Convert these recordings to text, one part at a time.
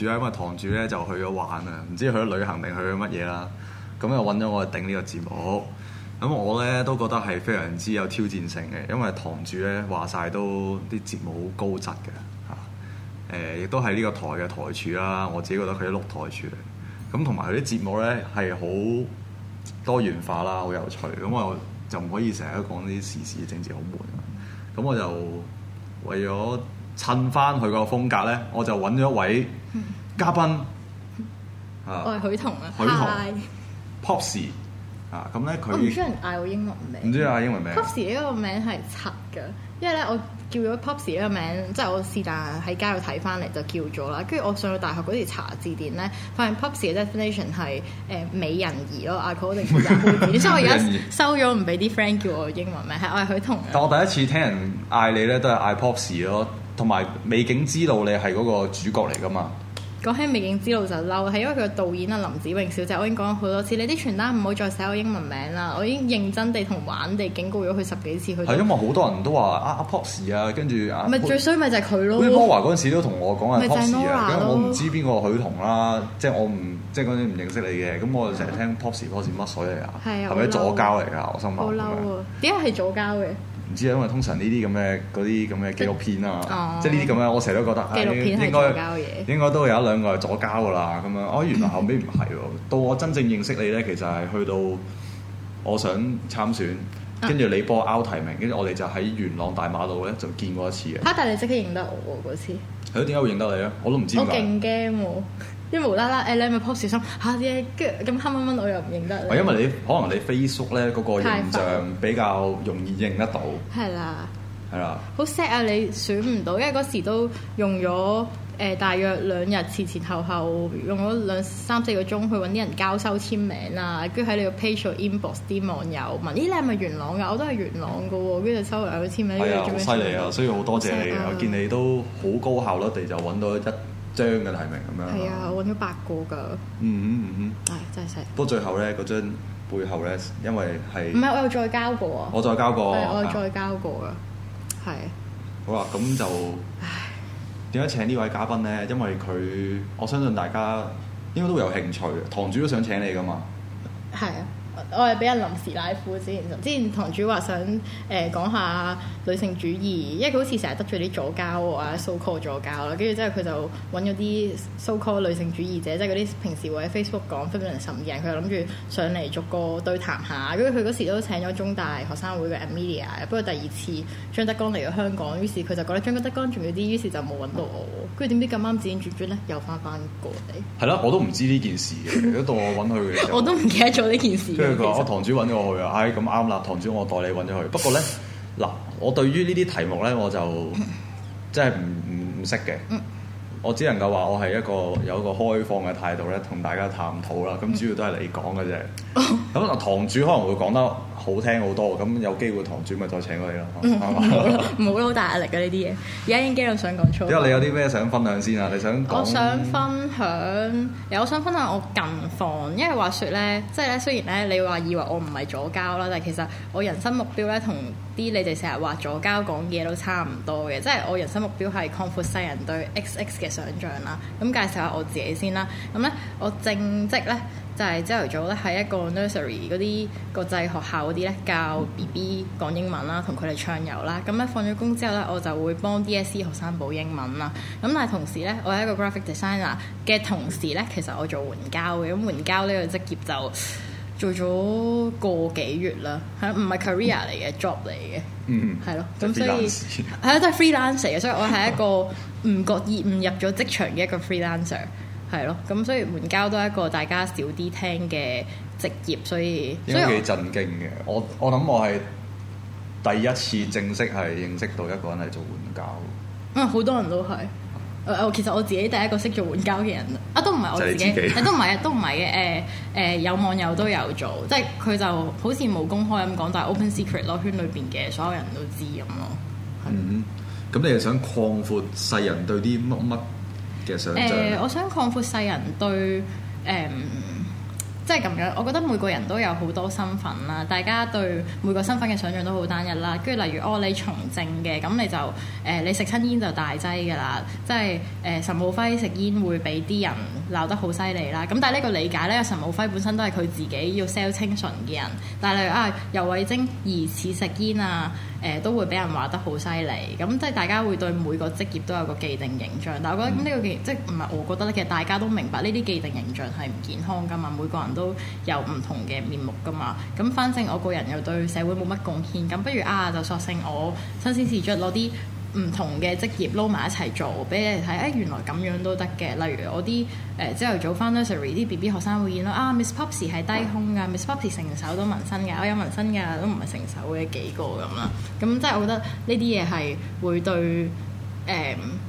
主因為堂主咧就去咗玩啊，唔知去咗旅行定去咗乜嘢啦，咁又揾咗我哋頂呢個節目，咁我咧都覺得係非常之有挑戰性嘅，因為堂主咧話晒都啲節目好高質嘅嚇，誒亦都係呢個台嘅台柱啦，我自己覺得佢係碌台柱嚟，咁同埋佢啲節目咧係好多元化啦，好有趣，咁我就唔可以成日講啲時事政治好悶，咁我就為咗。趁翻佢個風格咧，我就揾咗一位嘉賓、嗯、啊！我係許狪同 Hi 啊，許狪。Popsy 啊，咁咧佢我唔知人嗌我英文名，唔知嗌英文名。Popsy 呢個名係柒㗎，因為咧我叫咗 Popsy 呢個名，即係 我是但喺街度睇翻嚟就叫咗啦。跟住我上到大學嗰時查字典咧，發現 Popsy 嘅 definition 係誒美人兒咯，阿 Paul 定 Peter？所以我而家收咗唔俾啲 friend 叫我英文名，係我係許狪。 但我第一次聽人嗌你咧，都係嗌 Popsy 咯。同埋《美景之路》咧係嗰個主角嚟噶嘛？講起《美景之路》就嬲，係因為佢個導演啊林子榮小姐，我已經講咗好多次，你啲傳單唔好再寫我英文名啦！我已經認真地同玩地警告咗佢十幾次。係因為好多人都話啊 Poppy 啊，跟住啊咪、啊啊啊、最衰咪就係佢咯。Nova 嗰陣時都同我講啊 Poppy 啊，因為我唔知邊個許狪啦，即、就、係、是、我唔即係嗰啲唔認識你嘅，咁我就成日聽 Poppy Poppy 乜水嚟啊？係咪左膠嚟啊？我心諗點解係左膠嘅？唔知啊，因為通常呢啲咁嘅啲咁嘅紀錄片啊，嗯、即係呢啲咁樣，我成日都覺得紀錄片、哎、應該應該都有一兩個係左膠㗎喇。咁樣哦，原來後尾唔係喎。 到我真正認識你咧，其實係去到我想參選，跟住、啊、你播 out 提名，跟住我哋就喺元朗大馬路咧就見過一次嘅。嚇、啊！但係你即刻認得我嗰、啊、次係咯？點解會認得你咧？我都唔知。我勁驚喎！因無啦啦誒你咪 post 小心嚇嘅，跟住咁黑掹掹我又唔認得。因為你可能你 Facebook 咧嗰個形象比較容易認得到。係啦。係啦。好 sad 啊！你選唔到，因為嗰時都用咗誒、呃、大約兩日前前後後用咗兩三四個鐘去揾啲人交收簽名啦，跟住喺你個 page 上 inbox 啲網友問：咦你係咪元朗㗎？我都係元朗嘅喎，跟住收嚟嗰啲簽名。係好犀利啊！所以好多謝你，啊、我見你都好高效咯，哋就揾到一。張嘅提名咁樣啊！係啊，我揾咗八個㗎。嗯嗯嗯唉，真係。不過最後咧，嗰張背後咧，因為係唔係？我有再交過。我再交過。係我有再交過㗎。係。好啦，咁就。唉。點解請呢位嘉賓咧？因為佢，我相信大家應該都會有興趣。堂主都想請你㗎嘛。係啊。我係俾人臨時拉褲先，之前堂主話想誒、呃、講下女性主義，因為佢好似成日得罪啲左膠啊，so call 左膠啦，跟住之後佢就揾咗啲 so call 女性主義者，即係嗰啲平時會喺 Facebook 講 feminism 十五嘅人，佢又諗住上嚟逐個對談下，跟住佢嗰時都請咗中大學生會嘅 Amelia，不過第二次張德江嚟咗香港，於是佢就覺得張德江仲要啲，於是就冇揾到我，跟住點知咁啱轉轉轉咧，又翻返過嚟。係咯，我都唔知呢件事嘅，都我揾佢嘅。我都唔記得咗呢件事。我堂主揾咗我去啊！唉、哎，咁啱啦，堂主我代你揾咗去。不過咧，嗱，我對於呢啲題目咧，我就即係唔唔唔識嘅。嗯、我只能夠話我係一個有一個開放嘅態度咧，同大家探討啦。咁主要都係你講嘅啫。咁啊、嗯，堂主可能會講得。好聽好多喎，咁有機會堂主咪再請佢咯，好冇咯，好吧 大壓力嘅呢啲嘢。而家已 n g 到想講錯。因後你有啲咩想分享先啊？你想我想分享，我想分享我近況，因為話說咧，即係咧，雖然咧你話以為我唔係左交啦，但係其實我人生目標咧同啲你哋成日話左交講嘢都差唔多嘅，即係我人生目標係擴闊世人對 X X 嘅想像啦。咁介紹下我自己先啦，咁咧我正職咧。就係朝頭早咧，喺一個 nursery 嗰啲國際學校嗰啲咧教 BB 講英文啦，同佢哋唱遊啦。咁、嗯、咧放咗工之後咧，我就會幫 DSE 學生補英文啦。咁、嗯、但係同時咧，我係一個 graphic designer 嘅同時咧，其實我做援交嘅。咁援交呢個職業就做咗個幾月啦，係唔係 career 嚟嘅 job 嚟嘅？嗯，係、嗯、咯。咁所以係啊，都係 freelancer 嘅。freelancer，所以我係一個唔覺意誤入咗職場嘅一個 freelancer。係咯，咁所以援交都係一個大家少啲聽嘅職業，所以都幾震驚嘅。我我諗我係第一次正式係認識到一個人係做援交。嗯，好多人都係，誒，其實我自己第一個識做援交嘅人啊，都唔係我自己，都唔係，都唔係嘅。誒誒、啊啊，有網友都有做，即係佢就好似冇公開咁講，但係 open secret 咯，圈裏邊嘅所有人都知咁咯。嗯，咁你係想擴闊世人對啲乜乜？誒、呃，我想擴闊世人對誒、呃，即係咁樣。我覺得每個人都有好多身份啦，大家對每個身份嘅想像都好單一啦。跟住例如，哦，你從政嘅，咁你就誒、呃，你食親煙就大劑噶啦。即係誒，岑、呃、敖暉食煙會俾啲人鬧得好犀利啦。咁但係呢個理解咧，岑敖暉本身都係佢自己要 sell 清純嘅人。但係例如啊，游蕙禎疑似食煙啊。誒都會俾人話得好犀利，咁即係大家會對每個職業都有個既定形象，但係我覺得咁、這、呢個既、嗯、即係唔係我覺得咧，其實大家都明白呢啲既定形象係唔健康噶嘛，每個人都有唔同嘅面目噶嘛，咁反正我個人又對社會冇乜貢獻，咁不如啊就索性我新鮮試著攞啲。唔同嘅職業撈埋一齊做，俾你睇啊、哎！原來咁樣都得嘅。例如我啲誒朝頭早翻 nursery 啲 BB 學生會見到啊，Miss p o 哇 p s y 係低胸㗎，Miss p o p s y 成手都紋身㗎，我有紋身㗎，都唔係成手嘅幾個咁啦。咁即係我覺得呢啲嘢係會對。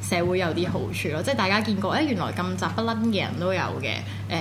誒社會有啲好處咯，即係大家見過誒，原來咁雜不倫嘅人都有嘅。誒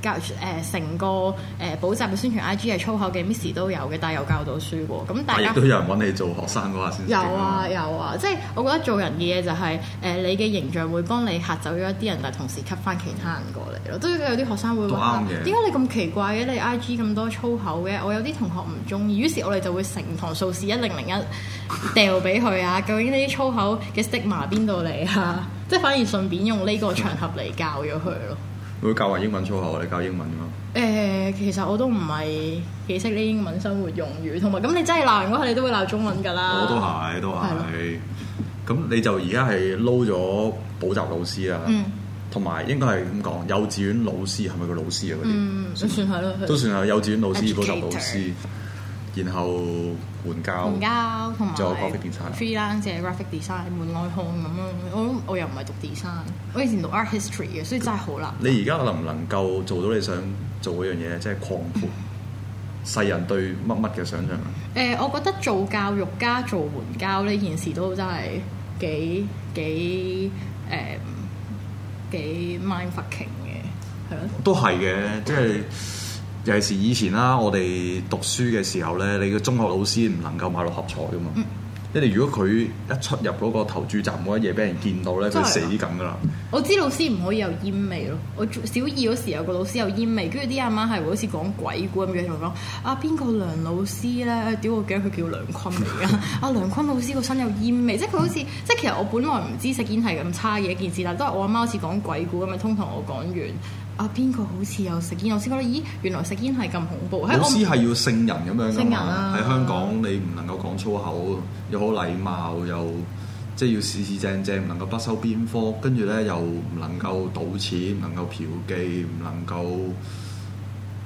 教誒成個誒補習嘅宣傳 I G 係粗口嘅 Miss 都有嘅，但係又教到書喎。咁大家亦都有人揾你做學生嗰下先。有啊有啊，即係、啊啊就是、我覺得做人嘅嘢就係、是、誒、呃，你嘅形象會幫你嚇走咗一啲人，但係同時吸翻其他人過嚟咯。都有啲學生會話：點解你咁奇怪嘅？你 I G 咁多粗口嘅？我有啲同學唔中意，於是我哋就會成堂數字一零零一掉俾佢啊！ 究竟呢啲粗口嘅 statement？啊，邊度嚟啊！即係反而順便用呢個場合嚟教咗佢咯。 會教埋英文粗口啊！你教英文吖嘛？誒、欸，其實我都唔係幾識呢英文生活用語，同埋咁你真係鬧人嘅話，你都會鬧中文㗎啦。我都係，都係。係。咁你就而家係撈咗補習老師啦，同埋、嗯、應該係咁講幼稚園老師係咪個老師啊嗰啲？嗯，算都算係咯，都算係幼稚園老師 Educator. 補習老師，然後。援交，同埋做 free 啦，即係教有 graphic design、門外漢咁咯，我我又唔係讀 design，我以前讀 art history 嘅，所以真係好難、嗯。你而家能唔能夠做到你想做嗰樣嘢，即係擴闊世人對乜乜嘅想像？誒 呃，我覺得做教育家、做援交呢件事都真係幾幾誒幾 mindfucking 嘅，係咯。嗯、都係嘅，即係、 就係。尤其是以前啦，我哋讀書嘅時候咧，你個中學老師唔能夠買六合彩噶嘛。嗯。因為如果佢一出入嗰個投注站嗰一嘢俾人見到咧，佢死咁噶啦。我知老師唔可以有煙味咯。我小二嗰時有個老師有煙味，跟住啲阿媽係會好似講鬼故咁樣同我講：啊邊個梁老師咧？屌、啊、我驚佢叫梁坤嚟㗎。阿、 啊、梁坤老師個身有煙味， 即係佢好似即係其實我本來唔知食煙係咁差嘅一件事，但都係我阿媽好似講鬼故咁樣通同我講完。啊！邊個好似有食煙？我先覺得，咦，原來食煙係咁恐怖。老師係要聖人咁樣聖人嘛、啊？喺香港你唔能夠講粗口，又好禮貌，又即係要四四正正，唔能夠不修邊幅。跟住咧又唔能夠賭錢，唔能夠嫖妓，唔能夠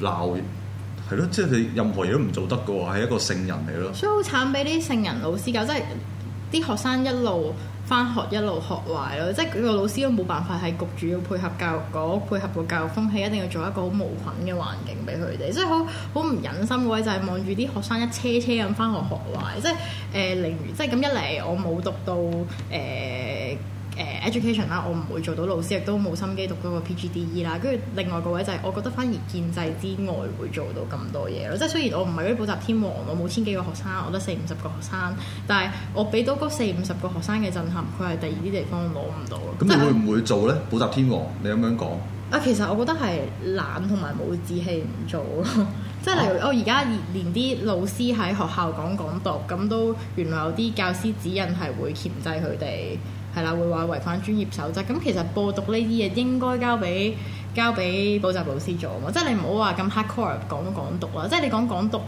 鬧，係咯？即係你任何嘢都唔做得嘅話，係一個聖人嚟咯。所以好慘，俾啲聖人老師教，真係啲學生一路。返學一路學壞咯，即係佢個老師都冇辦法，係焗住要配合教育局，配合個教育風氣，一定要做一個好無菌嘅環境俾佢哋。即係好好唔忍心嗰位就係望住啲學生一車車咁返學學壞，即係誒寧願即係咁，一嚟我冇讀到誒。呃 education 啦，我唔會做到老師，亦都冇心機讀嗰個 PGDE 啦。跟住另外嗰位就係，我覺得反而建制之外會做到咁多嘢咯。即係雖然我唔係嗰啲補習天王，我冇千幾個學生，我得四五十個學生，但係我俾到嗰四五十個學生嘅震撼，佢係第二啲地方攞唔到咯。咁你會唔會做呢？就係啊、補習天王？你咁樣講啊？其實我覺得係懶同埋冇志氣唔做咯。 即係例如我而家連啲老師喺學校講講讀咁都原來有啲教師指引係會鉗制佢哋。係啦，會話違反專業守則。咁其實播獨呢啲嘢應該交俾交俾補習老師做啊，即係你唔好話咁 hard core 講港獨啦，即係你講港獨。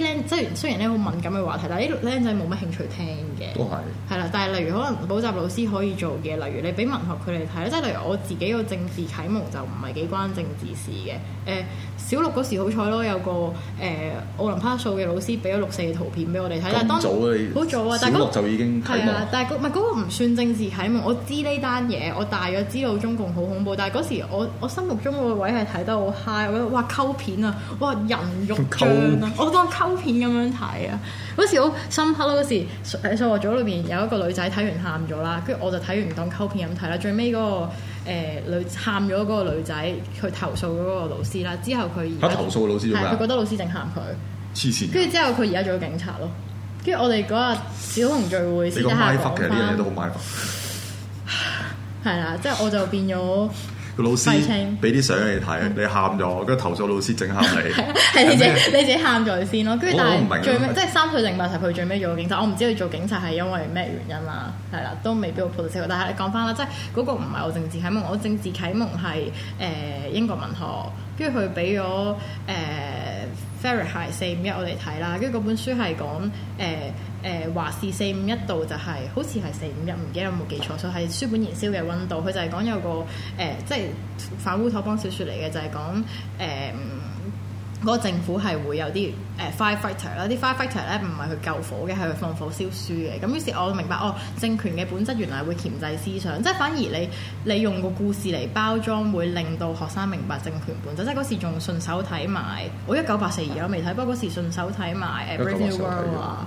啲即係雖然咧好敏感嘅話題，但係啲僆仔冇乜興趣聽嘅。都係啦，但係例如可能補習老師可以做嘅，例如你俾文學佢哋睇啦，即係例如我自己個政治啟蒙就唔係幾關政治事嘅。誒、呃，小六嗰時好彩咯，有個誒、呃、奧林匹數嘅老師俾咗六四嘅圖片俾我哋睇，但係當早啊，好早啊，小六就已經係啊、那個，但係嗰唔係嗰個唔算政治啟蒙，我知呢單嘢，我大約知道中共好恐怖，但係嗰時我我心目中個位係睇得好 high，我覺得哇溝片啊，哇人肉醬啊，追我當。溝片咁樣睇啊！嗰時好深刻咯，嗰時喺數學組裏邊有一個女仔睇完喊咗啦，跟住我就睇完當溝片咁睇啦。最尾嗰、嗰個誒女喊咗嗰個女仔去投訴嗰個老師啦，之後佢而家投訴老師做咩？佢覺得老師正喊佢黐線。跟住之後佢而家做咗警察咯。跟住我哋嗰日小紅聚會先即刻講翻。係啦，即係、就是、我就變咗。個老師俾啲相你睇，你喊咗，跟住投訴老師整喊你，係 你自己你自己喊咗佢先咯。跟住但係我唔明最即係三歲零八十佢最尾做警察，我唔知佢做警察係因為咩原因啦，係啦，都未必會破到車。但係你講翻啦，即係嗰個唔係我政治啟蒙，我政治啟蒙係誒、呃、英國文學，跟住佢俾咗誒。呃 Fahrenheit 四五一我哋睇啦，跟住嗰本書係講誒誒華氏四五一度就係、是、好似係四五一，唔記得有冇記錯，就係書本燃燒嘅温度。佢就係講有個誒，即、呃、係、就是、反烏托邦小説嚟嘅，就係講誒。呃嗰個政府係會有啲誒 firefighter 啦，啲 firefighter 咧唔係去救火嘅，係去放火燒書嘅。咁於是我明白哦，政權嘅本質原來係會鉗制思想，即係反而你你用個故事嚟包裝，會令到學生明白政權本質。即係嗰時仲順手睇埋、哦，我一九八四二我未睇，不過嗰時順手睇埋《Brave New World》啊。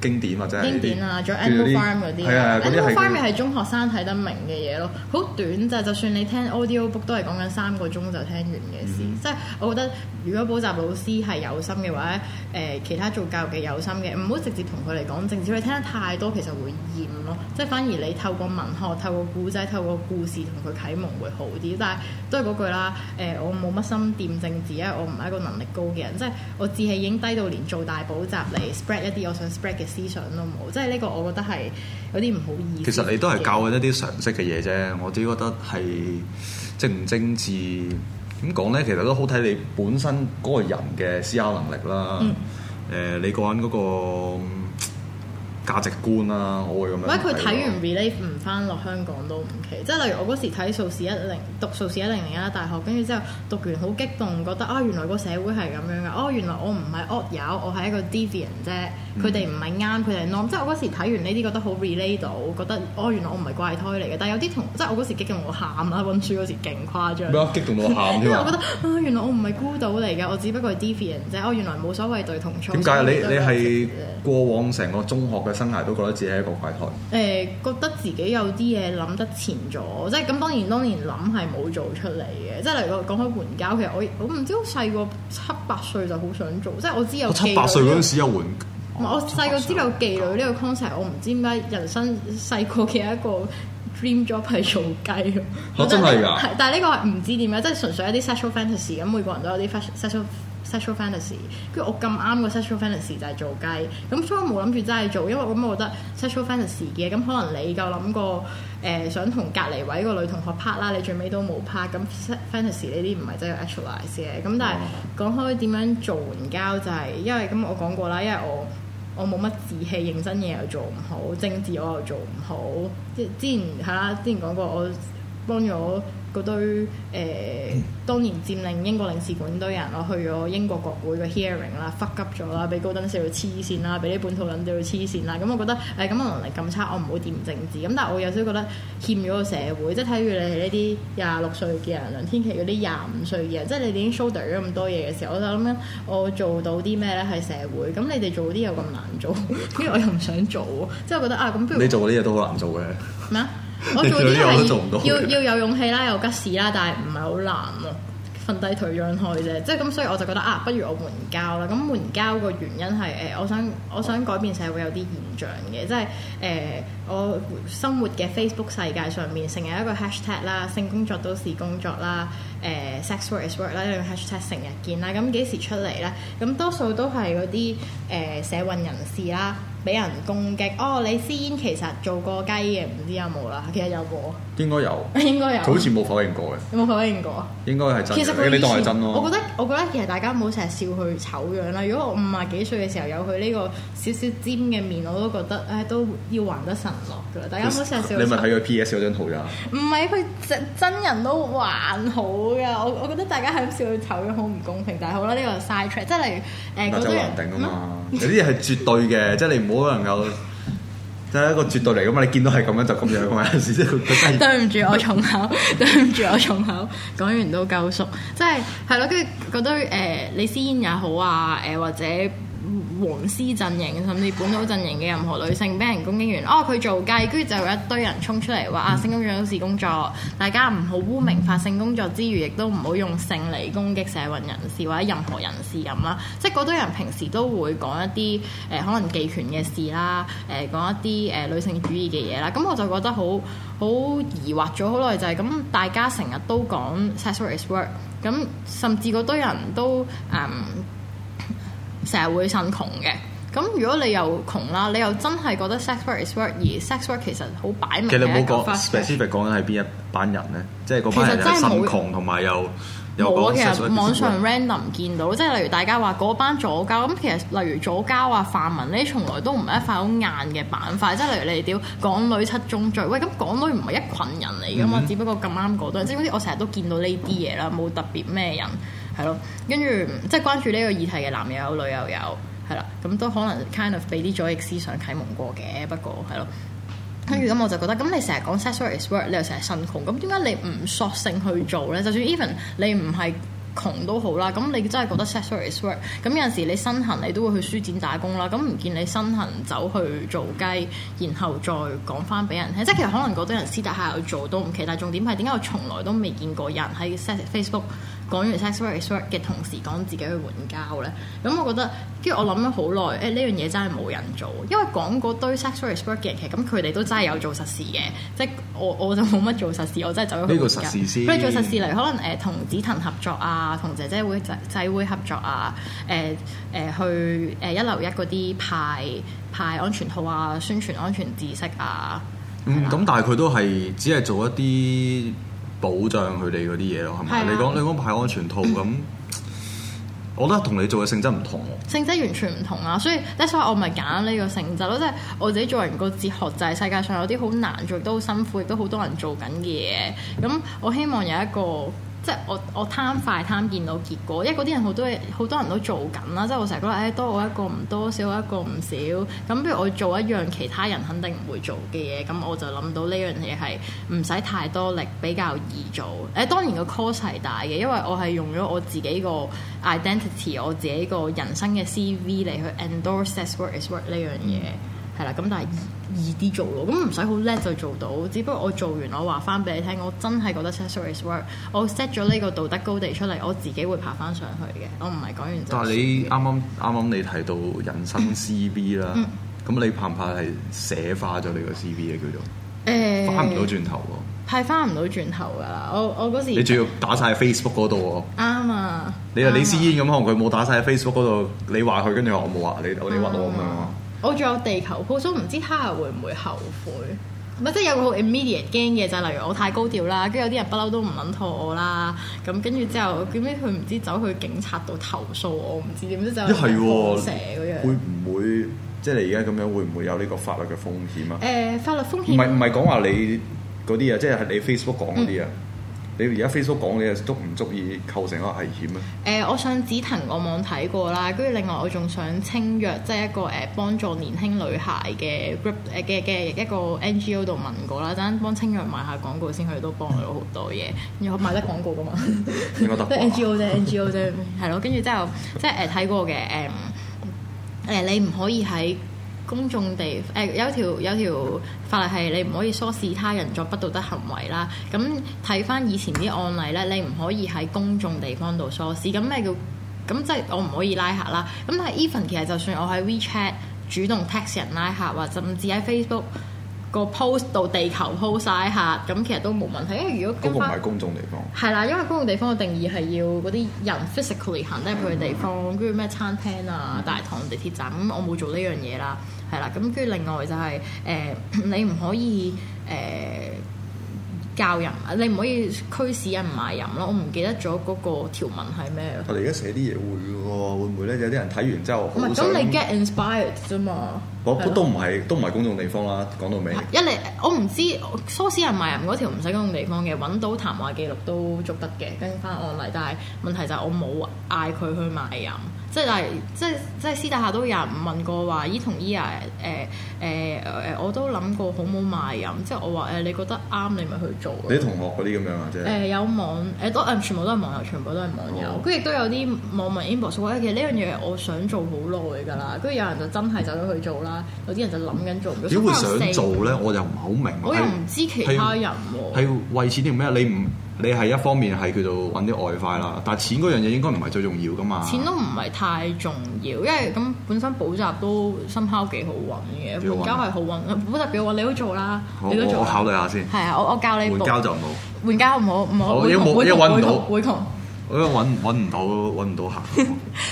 經典或者，經典啊，仲有 Animal Farm 嗰啲啊，Animal Farm 咪係中學生睇得明嘅嘢咯，好短就，就算你聽 audio book 都係講緊三個鐘就聽完嘅事，嗯嗯，即係我覺得如果補習老師係有心嘅話咧，誒、呃、其他做教育嘅有心嘅，唔好直接同佢嚟講政治，佢聽得太多其實會厭咯，即係反而你透過文學透過古仔、透過故事同佢啟蒙會好啲，但係都係嗰句啦，誒、呃、我冇乜心掂政治啊，我唔係一個能力高嘅人，即係我志氣已經低到連做大補習嚟 spread 一啲我想 spread 嘅。思想都冇，即係呢個我覺得係有啲唔好意思。其實你都係教一啲常識嘅嘢啫，我只覺得係精唔精緻。點講咧？其實都好睇你本身個人嘅思考能力啦。誒、嗯呃，你講緊嗰個。那個價值觀啦、啊，我會咁樣。喂，佢睇完 relief 唔翻落香港都唔奇，即係例如我嗰時睇數試一零讀數試一零零一，大學跟住之後讀完好激動，覺得啊原來個社會係咁樣嘅。哦原來我唔係 odd 友，我係一個 deviant 啫，佢哋唔係啱，佢哋 norm，即係我嗰時睇完呢啲覺得好 relate 到，覺得哦原來我唔係怪胎嚟嘅。但係有啲同即係我嗰時激動我喊啦，温書嗰時勁誇張。咩激動我喊添。我覺得啊，原來我唔係孤島嚟嘅，我只不過 deviant 啫，哦、啊，原來冇所謂對同錯。點解？你你係過往成個中學嘅生涯都覺得自己係一個怪胎。誒，覺得自己有啲嘢諗得前咗，即係咁。當然當年諗係冇做出嚟嘅，即係嚟講講開援交，其實我我唔知好細個七八歲就好想做，即係我知有。七八歲嗰陣時有援交。唔係，我細個知道妓女呢個 concept，我唔知點解人生細個嘅一個 dream job 係做雞。我、啊、但真係㗎。係，但係呢個係唔知點樣，即係純粹一啲 sexual fantasy，咁每個人都有啲 sexual。sexual fantasy，跟住我咁啱個 sexual fantasy 就係做雞，咁所以我冇諗住真係做，因為我咁覺得 sexual fantasy 嘅，咁可能你夠諗過誒、呃、想同隔離位個女同學拍啦，你最尾都冇拍，咁 fantasy 呢啲唔係真係 actualize 嘅，咁但係講、哦、開點樣做援交就係、是，因為咁我講過啦，因為我我冇乜志氣，認真嘢又做唔好，政治我又做唔好，即之前係啦之前講過我幫咗。堆誒、呃，當年佔領英國領事館堆人咯，去咗英國國會嘅 hearing 啦、mm.，忽急咗啦，俾高登笑到黐線啦，俾啲本土人笑到黐線啦。咁、嗯、我覺得誒，咁、欸、我能力咁差，我唔好掂政治。咁但係我有少少覺得欠咗個社會，即係睇住你係呢啲廿六歲嘅人，梁天琦嗰啲廿五歲嘅人，即係你哋已經 show 咗咁多嘢嘅時候，我就諗緊我做到啲咩咧？係社會。咁你哋做啲又咁難做，跟住我又唔想做。即係我覺得啊，咁不如你做嗰啲嘢都好難做嘅咩？我做啲係要 要，要有勇氣啦，有吉士啦，但係唔係好難咯、啊，瞓低退讓開啫。即係咁，所以我就覺得啊，不如我援交啦。咁援交個原因係誒、呃，我想我想改變社會有啲現象嘅，即係誒、呃、我生活嘅 Facebook 世界上面成日有一個 hashtag 啦，性工作都是工作啦，誒、呃、sex work is work 啦，呢個 hashtag 成日見啦。咁幾時出嚟咧？咁多數都係嗰啲誒社運人士啦。俾人攻擊哦！李思燕其實做過雞嘅，唔知有冇啦。其實有過應該有，應該有。佢好似冇否認過嘅，有冇否認過？應該係真，其實、欸、你當係真咯、啊。我覺得我覺得其實大家唔好成日笑佢醜樣啦。如果我五啊幾歲嘅時候有佢呢個少少尖嘅面，我都覺得誒、哎、都要還得神落㗎。大家唔好成日笑。你咪睇佢 P S 嗰張圖咋？唔係佢真人都還好㗎。我我覺得大家係咁笑佢醜樣好唔公平。但係好啦，呢、呢個 side track，即係例如誒嗰啲人頂啊嘛。 有啲嘢係絕對嘅，即、就、係、是、你唔好能夠，即、就、係、是、一個絕對嚟噶嘛。你見到係咁樣就咁樣，有陣時即係真係。 對唔住我重口，對唔住我重口，講完都夠熟，即係係咯。跟住覺得，誒、呃，李思煙也好啊，誒、呃、或者。黃絲陣營甚至本土陣營嘅任何女性俾人攻擊完，哦佢做雞，跟住就有一堆人衝出嚟話啊，性工作者是工作，大家唔好污名化性工作之餘，亦都唔好用性嚟攻擊社運人士或者任何人士咁啦。即係嗰堆人平時都會講一啲誒、呃、可能寄權嘅事啦，誒、呃、講一啲誒、呃、女性主義嘅嘢啦。咁我就覺得好好疑惑咗好耐就係、是、咁，大家成日都講 sex work is work，咁甚至嗰堆人都嗯。成日會身窮嘅，咁如果你又窮啦，你又真係覺得 sex work is work，而 sex work 其實好擺明。其實你唔好講，specific 講緊係邊一班人咧，即係嗰班人係好窮同埋又冇。其實網上 random 見到，即係例如大家話嗰班左膠，咁其實例如左膠啊、泛民，呢，從來都唔係一塊好硬嘅板塊。即係例如你哋屌港女七宗罪，喂，咁港女唔係一群人嚟噶嘛？嗯嗯，只不過咁啱嗰即係好似我成日都見到呢啲嘢啦，冇特別咩人。係咯，跟住即係關注呢個議題嘅男友、女又有，係啦，咁都可能 kind of 俾啲左翼思想啟蒙過嘅。不過係咯，跟住咁我就覺得，咁你成日講 sex work is work，你又成日身窮，咁點解你唔索性去做咧？就算 even 你唔係窮都好啦，咁你真係覺得 sex work is work，咁有陣時你身痕，你都會去書展打工啦，咁唔見你身痕，走去做雞，然後再講翻俾人聽。嗯、即係其實可能嗰啲人私底下有做都唔奇，但係重點係點解我從來都未見過人喺 Facebook。講完 sex work 嘅同時講自己去援交咧，咁我覺得，跟住我諗咗好耐，誒呢樣嘢真係冇人做，因為講嗰堆 sex work 嘅人，其實，咁佢哋都真係有做實事嘅，即係我我就冇乜做實事，我真係走咗去援交。呢個實事先，佢做實事嚟，可能誒同紫藤合作啊，同姐姐會、姐姐仔會合作啊，誒、呃、誒、呃、去誒、呃、一樓一嗰啲派派安全套啊，宣傳安全知識啊。嗯，咁但係佢都係只係做一啲。保障佢哋嗰啲嘢咯，係咪是、啊？你講你講排安全套咁，我覺得同你做嘅性質唔同。性質完全唔同啊！所以即 h a t 我咪揀呢個性質咯。即、就、係、是、我自己做人個哲學就係、是、世界上有啲好難做，都好辛苦，亦都好多人做緊嘅嘢。咁我希望有一個。即係我我貪快貪見到結果，因為嗰啲人好多嘢好多人都做緊啦。即係我成日覺得誒多我一個唔多少我一個唔少咁，不如我做一樣其他人肯定唔會做嘅嘢，咁我就諗到呢樣嘢係唔使太多力，比較易做誒、欸。當然個 cost 係大嘅，因為我係用咗我自己個 identity，我自己個人生嘅 C V 嚟去 endorse that work is work 呢樣嘢係啦。咁但係。嗯易啲做咯，咁唔使好叻就做到。只不過我做完，我話翻俾你聽，我真係覺得 success is work。我 set 咗呢個道德高地出嚟，我自己會爬翻上去嘅。我唔係講完就。但係你啱啱啱啱你提到人生 C B 啦，咁 你怕唔怕係寫化咗你個 C B 嘅叫做，誒翻唔到轉頭喎，係翻唔到轉頭噶啦。我我嗰時你仲要打晒 Facebook 嗰度喎，啱啊。啊你話你試試咁，可能佢冇打晒 Facebook 嗰度，你話佢跟住話我冇話你,你，我你屈我咁啊。啊我仲有地球鋪所唔知他日會唔會後悔？唔係即係有個好 immediate 驚嘅，就係、是、例如我太高調啦，跟住有啲人不嬲都唔肯拖我啦。咁跟住之後，點解佢唔知走去警察度投訴我？唔知點樣就放蛇嗰樣。會唔會即係你而家咁樣會唔會有呢個法律嘅風險啊？誒、欸，法律風險。唔係唔係講話你嗰啲啊，即係係你 Facebook 講嗰啲啊。嗯你而家 Facebook 講嘅足唔足以構成一個危險咧？誒、呃，我上紫藤個網睇過啦，跟住另外我仲想青躍，即係一個誒幫助年輕女孩嘅 group 誒嘅嘅一個 NGO 度問過啦，等陣幫青躍賣下廣告先，佢都幫我好多嘢，然後賣得廣告噶嘛， 應該得都 NGO 啫 NGO 啫，係咯，跟住之後即係誒睇過嘅誒誒，你唔可以喺。公眾地，誒、呃、有條有條法例係你唔可以唆使他人作不道德行為啦。咁睇翻以前啲案例咧，你唔可以喺公眾地方度唆使。咁咩叫？咁即係我唔可以拉客啦。咁但係 even 其實就算我喺 WeChat 主動 text 人拉客，或者甚至喺 Facebook。個 post 到地球 post 晒下，咁其實都冇問題。因為如果嗰個唔係公眾地方，係啦，因為公眾地方嘅定義係要嗰啲人 physically 行得入去嘅地方，跟住咩餐廳啊、嗯、大堂、地鐵站，咁我冇做呢樣嘢啦，係啦，咁跟住另外就係、是、誒、呃，你唔可以誒。呃教人，你唔可以驅使人唔賣淫咯。我唔記得咗嗰個條文係咩。我哋而家寫啲嘢會喎，會唔會咧？有啲人睇完之後好想。唔係，咁你 get inspired 啫嘛。都唔係都唔係公眾地方啦。講到尾。一嚟我唔知，唆使人賣淫嗰條唔使公眾地方嘅，揾到談話記錄都捉得嘅，跟翻案例。但係問題就係我冇嗌佢去賣淫。即係，但即係即係私底下都有人問過話，咦，依同依啊，誒誒誒，我都諗過好唔好賣飲。即係我話誒、呃，你覺得啱，你咪去做。你同學嗰啲咁樣啊，即係、呃。誒有網誒多、呃，全部都係網友，全部都係網友。跟住都有啲網民 inbox 話，其實呢樣嘢我想做好耐㗎啦。跟住有人就真係走咗去做啦。有啲人就諗緊做。點會想做咧？我又唔係好明。我又唔知其他人喎、啊。係為錢定咩？你唔？你係一方面係叫做揾啲外快啦，但係錢嗰樣嘢應該唔係最重要㗎嘛？錢都唔係太重要，因為咁本身補習都參烤幾好揾嘅，援交係好揾，唔代表話你都做啦，你都做。我考慮下先。係啊，我我教你援交就唔好援交，唔好唔好援交，會同會同。我又揾唔到，揾唔到客。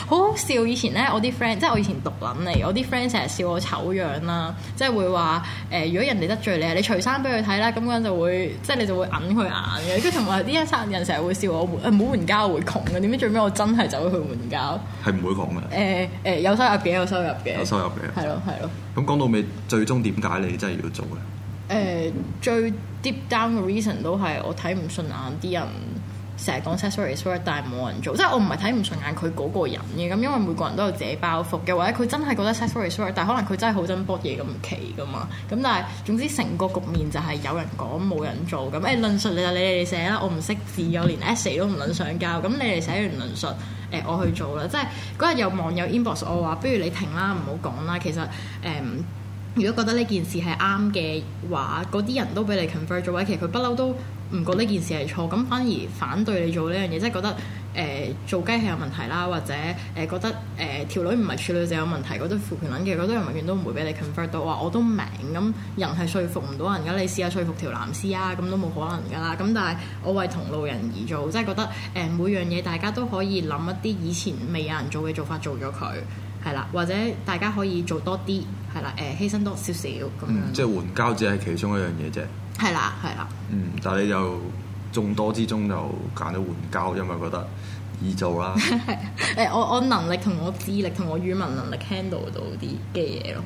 好 好笑！以前咧，我啲 friend，即係我以前獨撚嚟，我啲 friend 成日笑我醜樣啦，即係會話誒、呃，如果人哋得罪你啊，你除衫俾佢睇啦，咁樣就會，即係你就會揞佢眼嘅。跟住同埋啲人，人成日會笑我唔好援交會窮嘅。點知最尾我真係走咗去援交，係唔會窮嘅。誒誒、呃呃，有收入嘅，有收入嘅，有收入嘅，係咯係咯。咁講了到尾，最終點解你真係要做嘅？誒、嗯呃，最 deep down 嘅 reason 都係我睇唔順眼啲人，人。成日講 satisfy 但係冇人做，即係我唔係睇唔順眼佢嗰個人嘅，咁因為每個人都有自己包袱嘅，或者佢真係覺得 satisfy，e 但係可能佢真係好憎 b 嘢咁奇噶嘛，咁但係總之成個局面就係有人講冇人做咁，誒、欸、論述你就你哋寫啦，我唔識字又連 essay 都唔撚上交，咁你哋寫完論述誒、欸、我去做啦，即係嗰日有網友 inbox 我話，不如你停啦，唔好講啦，其實誒、嗯、如果覺得呢件事係啱嘅話，嗰啲人都俾你 convert 咗，或其實佢不嬲都。唔覺呢件事係錯，咁反而反對你做呢樣嘢，即係覺得誒、呃、做雞係有問題啦，或者誒覺得誒條女唔係處女就有問題，嗰、呃、得父、呃、權論嘅覺得人永遠都唔會俾你 convert 到。話我都明，咁人係說服唔到人噶，你試下說服條男士啊，咁都冇可能噶啦。咁但係我為同路人而做，即係覺得誒、呃、每樣嘢大家都可以諗一啲以前未有人做嘅做法做咗佢，係啦，或者大家可以做多啲，係啦，誒、呃、犧牲多少少咁嗯，即係援交，只係其中一樣嘢啫。係啦，係啦。嗯，但係你又眾多之中就揀咗援交，因為覺得易做啦。係， 誒，我我能力同我智力同我語文能力 handle 到啲嘅嘢咯。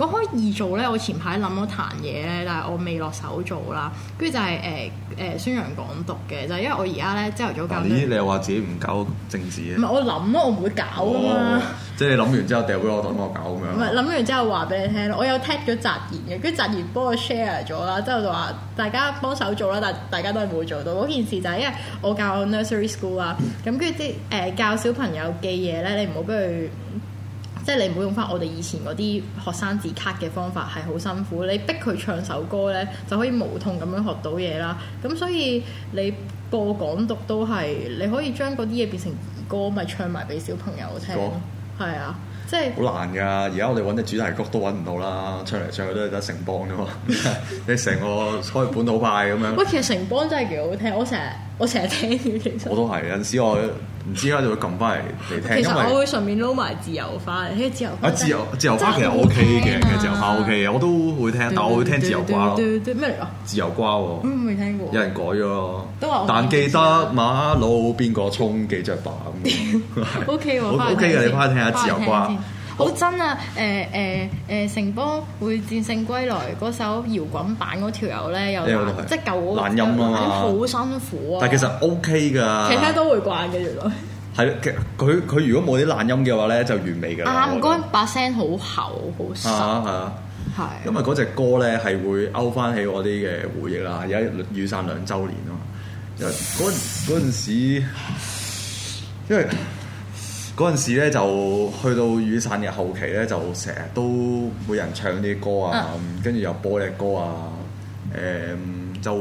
嗰可以做咧，我前排諗咗談嘢咧，但係我未落手做啦。跟住就係誒誒，宣揚港獨嘅就係因為我而家咧，朝頭早教。咦，你又話自己唔搞政治嘅？唔係我諗咯，我唔會搞噶嘛。哦、即係你諗完之後掉俾我，等我搞咁樣。唔係諗完之後話俾你聽咯，我有 tag 咗集言嘅，跟住集言幫我 share 咗啦。之後就話大家幫手做啦，但大家都係冇做到。嗰件事就係因為我教 nursery school 啊，咁跟住啲誒教小朋友嘅嘢咧，你唔好俾佢。即係你唔好用翻我哋以前嗰啲學生字卡嘅方法，係好辛苦，你逼佢唱首歌咧就可以無痛咁樣學到嘢啦。咁所以你播港獨都係你可以將嗰啲嘢變成兒歌，咪唱埋俾小朋友聽囉。係歌啊，即係好難㗎！而家我哋揾啲主題曲都揾唔到啦，唱嚟唱去都係得城邦啫嘛。 你成個開本土派咁樣。喂，其實城邦真係幾好聽，我成日。我成日聽嘅，其實我都係有陣時，我唔知解就會撳翻嚟你聽。其實我會順便撈埋自由花，因為自由啊自由自由花其實 O K 嘅，自由花 O K 嘅，我都會聽，但我會聽自由瓜咯。咩嚟啊？自由瓜喎，嗯，未聽過。有人改咗，但記得馬路邊個衝幾隻板。O K 喎，O K 嘅，你翻去聽下自由瓜。好真啊！誒誒誒，成波《會戰勝歸來》嗰首搖滾版嗰條友咧，又 Yeah, 即舊嗰、嗰個好、啊、辛苦啊！但其實 OK 㗎，其他都會慣嘅原來。係佢佢如果冇啲爛音嘅話咧，就完美㗎。啱啱把聲好厚好深。係啊，係因為嗰隻歌咧係會勾翻起我啲嘅回憶啦，而家雨傘兩週年啊嘛，因為嗰嗰陣時，因為。因為嗰陣時咧就去到雨傘嘅後期咧，就成日都每人唱啲歌啊，跟住、啊、又播呢隻歌啊，誒、嗯嗯、就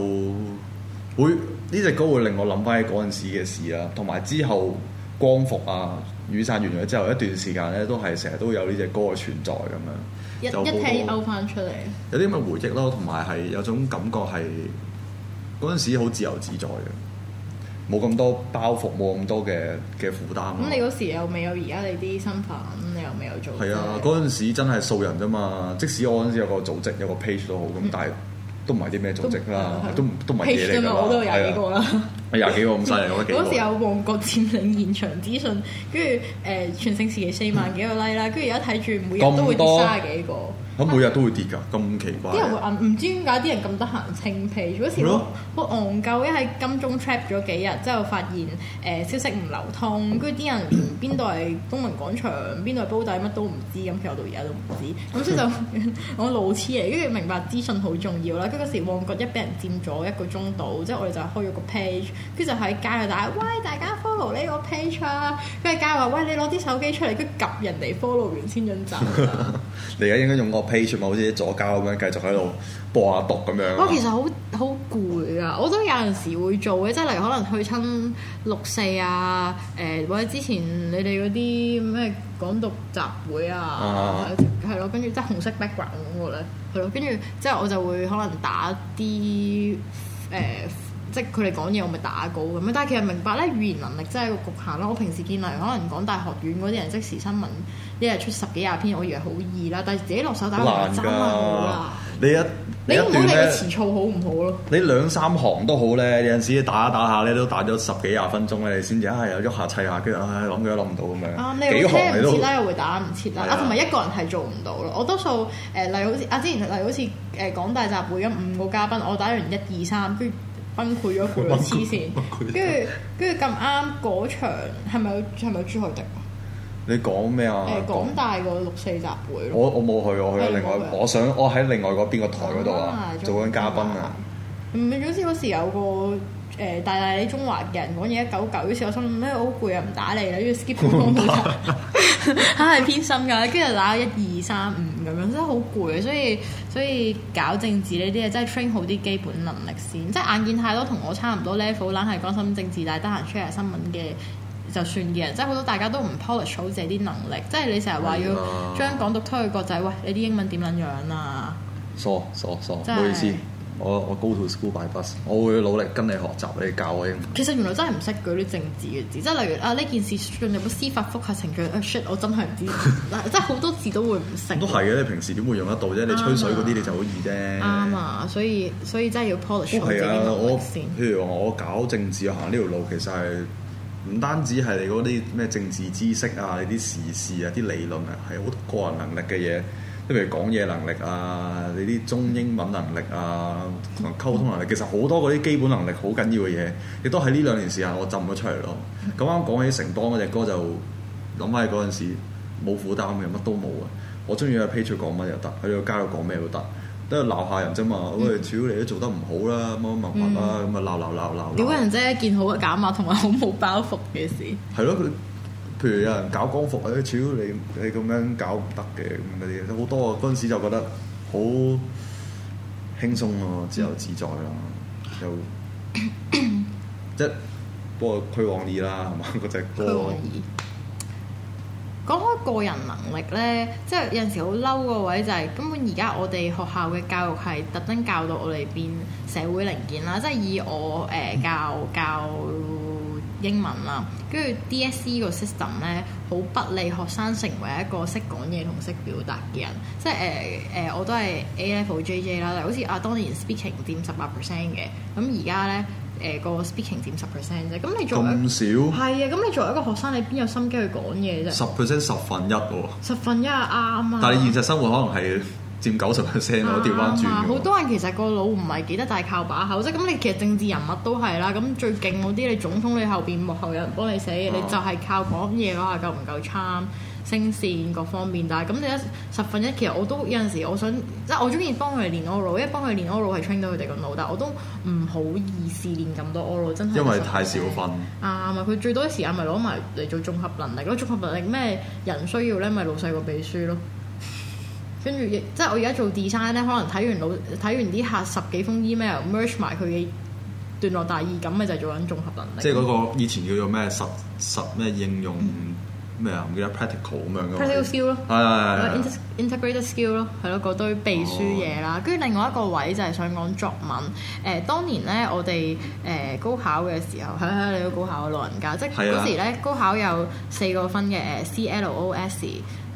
會呢隻歌會令我諗翻起嗰陣時嘅事啦、啊。同埋之後光復啊，雨傘完咗之後一段時間咧，都係成日都有呢隻歌嘅存在咁樣，一就一聽勾翻出嚟。有啲咁嘅回憶咯，同埋係有種感覺係嗰陣時好自由自在嘅。冇咁多包袱，冇咁多嘅嘅負擔那那啊！咁你嗰時又未有而家你啲身分，你又未有做？係啊，嗰陣時真係數人啫嘛！即使我嗰陣時有個組織，有個 page 都好咁，但係都唔係啲咩組織啦，嗯嗯、都、嗯嗯、都唔係嘢嚟㗎啦。page 咪我都廿幾個啦，廿幾個咁犀利，我都嗰 時有旺角佔領現場資訊，跟住誒全盛時期四萬幾個，個 like 啦、嗯，跟住而家睇住每日都會跌卅幾個。我每日都會跌㗎，咁奇怪。啲人會唔知點解啲人咁得閒清 page 嗰時我我戇鳩，一喺金鐘 trap 咗幾日，之後發現誒、呃、消息唔流通，跟住啲人連邊度係東門廣場、邊度係煲底乜都唔知，咁其實我到而家都唔知。咁所以就 我路痴嚟。跟住明白資訊好重要啦。跟住嗰時旺角一俾人佔咗一個鐘度，即係我哋就開咗個 page，跟住就喺街度大，喂、呃、大家 follow 呢個 page 啊！跟住街話喂、呃、你攞啲手機出嚟，跟住 𥁤 人哋 follow 完先進站。 你而家應該用 page 好似左膠咁樣，繼續喺度播下毒咁樣。我其實好好攰啊，我都有陣時會做嘅，即係例如可能去親六四啊，誒、呃、或者之前你哋嗰啲咩港獨集會啊，係咯、啊，跟住即紅色 background 嗰咧，係咯，跟住即係我就會可能打啲誒。呃即佢哋講嘢，我咪打稿咁啊！但係其實明白咧，語言能力真係一個局限咯。我平時見例如，可能廣大學院嗰啲人即時新聞一日出十幾廿篇，我以為好易啦。但係自己落手打，難㗎！你一你唔好理詞操好唔好咯。你兩三行都好咧，有陣時打一打下咧，你都打咗十幾廿分鐘咧，先至、哎、啊！有喐下砌下，跟住唉諗嘅都諗唔到咁樣。幾行你都打唔切啦，又會打唔切啦。對呀 啊，同埋一個人係做唔到咯。我多數誒，例如好似啊，之前例如好似誒廣大集會咁，五個嘉賓，我打完一二三，崩潰咗佢黐線，跟住跟住咁啱嗰場係咪係咪朱凱廸？你講咩啊？誒港、欸、大個六四集會我，我我冇去，我去咗另外，哎我，啊、我想我喺另外嗰邊個台嗰度、嗯、啊，做緊嘉賓啊。唔係、嗯，總之嗰時有個誒、呃、大大你中華人講嘢一九九，9，於是我想咩好攰啊，唔打你啦，於 sk 是 skip 咗。梗係偏心㗎，跟住打一二三。五。咁樣真係好攰，所以所以搞政治呢啲嘢，真係 train 好啲基本能力先。即係眼見太多同我差唔多 level，硬係關心政治，但係得閒 share 新聞嘅就算嘅人，即係好多大家都唔 polish 好自己啲能力。即係你成日話要將港獨推去國際，喂你啲英文點撚樣啊？傻傻傻，真係唔好意思。我我 go to school by bus，我會努力跟你學習，你教我英文。其實原來真係唔識舉啲政治嘅字，即係例如啊呢件事進入咗司法覆核程序、啊，shit，我真係唔知。嗱，即係好多字都會唔識。都係嘅，你平時點會用得到啫？嗯、你吹水嗰啲你就好易啫。啱啊、嗯嗯，所以所以真係要 polish、哦、自己呢譬、啊、如我搞政治行呢條路，其實係唔單止係你嗰啲咩政治知識啊、你啲時事啊、啲理論啊，係好多個人能力嘅嘢。譬如講嘢能力啊，你啲中英文能力啊，同埋溝通能力，其實好多嗰啲基本能力好緊要嘅嘢，亦都喺呢兩年時間我浸咗出嚟咯。咁啱講起城邦嗰隻歌就諗翻起嗰陣時冇負擔嘅，乜都冇啊。我中意阿 Patrick 講乜又得，喺個街度講咩都得，都係鬧下人啫嘛。喂、嗯，啊、哎，主要你都做得唔好啦，默默無聞啦，咁啊鬧鬧鬧鬧屌個人啫，一件好嘅減壓同埋好冇包袱嘅事。係咯。 譬如有人搞光復，誒， 除非你你咁樣搞唔得嘅咁啲，都好多啊！嗰陣時就覺得好輕鬆喎、啊，自由、嗯、自在啦，又即不過驅往易啦，係嘛、嗯？嗰 隻歌。講開個人能力咧，即、就、係、是、有陣時好嬲個位就係根本而家我哋學校嘅教育係特登教到我哋變社會零件啦，即、就、係、是、以我誒教、呃、教。教嗯英文啦，跟住 DSE 個 system 咧，好不利學生，成為一個識講嘢同識表達嘅人。即係誒誒，我都係 AFJJ 啦，好似啊，當年 speaking 佔十八 percent 嘅，咁而家咧誒個 speaking 佔十 percent 啫。咁你仲有咁少？係啊，咁你作為一個學生，你邊有心機去講嘢啫？十 percent 十分一喎，十分一係啱啊。啊但係現實生活可能係。佔九十 percent 咯，調翻轉。好多人其實個腦唔係記得大靠靠靠，但係靠把口啫。咁你其實政治人物都係啦。咁最勁嗰啲，你總統你後邊幕後有人幫你寫嘢，啊、你就係靠講嘢嗰下夠唔夠參聲線各方面。但係咁你一十分一，其實我都有陣時我想，即係我中意幫佢哋練 O level 因為幫佢練 O level 係 train 到佢哋個腦，但係我都唔好意思練咁多 O level 真係因為太少分。啱啊！佢最多時間咪攞埋嚟做綜合能力咯。綜合能力咩人需要咧？咪、就是、老細個秘書咯。跟住亦即係我而家做 design 咧，可能睇完老睇完啲客十幾封 email merge 埋佢嘅段落大意，咁咪就係做緊綜合能力。即係嗰個以前叫做咩實實咩應用咩啊？唔記得 practical 咁樣嘅。practical skill 咯。係係 integrated skill 咯，係咯，嗰堆秘書嘢啦。跟住另外一個位就係想講作文。誒，當年咧我哋誒高考嘅時候，係係你都高考嘅老人家，即係嗰時咧高考有四個分嘅誒 CLOS。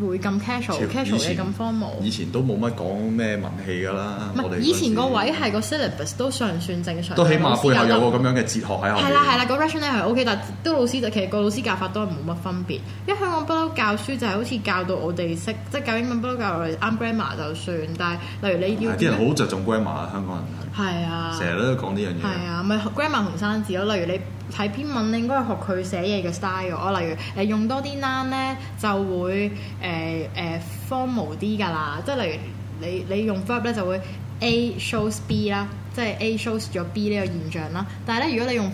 會咁 casual，casual 嘅咁 formal。以前都冇乜講咩文氣㗎啦。是以前位個位係個 syllabus 都尚算正常。都起碼對師背後有個咁樣嘅哲學喺後面。係啦係啦，啊嗯、個 ration 咧係 OK，但都老師就其實個老師教法都係冇乜分別。因為香港不嬲教書就係好似教到我哋識，即、就、係、是、教英文不嬲教我哋啱 grammar 就算。但係例如你要啲、啊、人好着重 grammar 啊，香港人係啊，成日都講呢樣嘢。係啊，咪、就是、grammar 同生字咯。例如你睇篇文，你應該係學佢寫嘢嘅 style、啊。例如誒用多啲 noun 咧就會。誒誒、呃呃、formal 啲㗎啦，即係例如你你用 verb 咧就會 A shows B 啦，即係 A shows 咗 B 呢個現象啦，但係咧如果你用誒。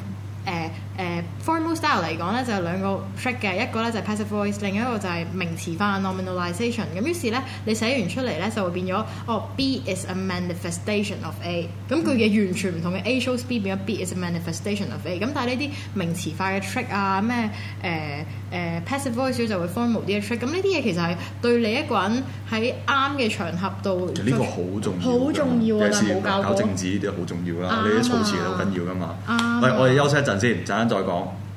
呃誒 formal style 嚟講咧就係兩個 trick 嘅，一個咧就係 passive voice，另一個就係名詞化 nominalization。咁於是咧你寫完出嚟咧就會變咗哦，B is a manifestation of A。咁句嘢完全唔同嘅，A shows B 變咗 B is a manifestation of A。咁但係呢啲名詞化嘅 trick 啊，咩誒誒 passive voice 就會 formal 啲嘅 trick。咁呢啲嘢其實係對你一個人喺啱嘅場合度，就呢個好重要，好重要㗎。搞政治呢啲好重要啦，呢啲措辭好緊要㗎嘛。喂，我哋休息一陣先，陣。再講。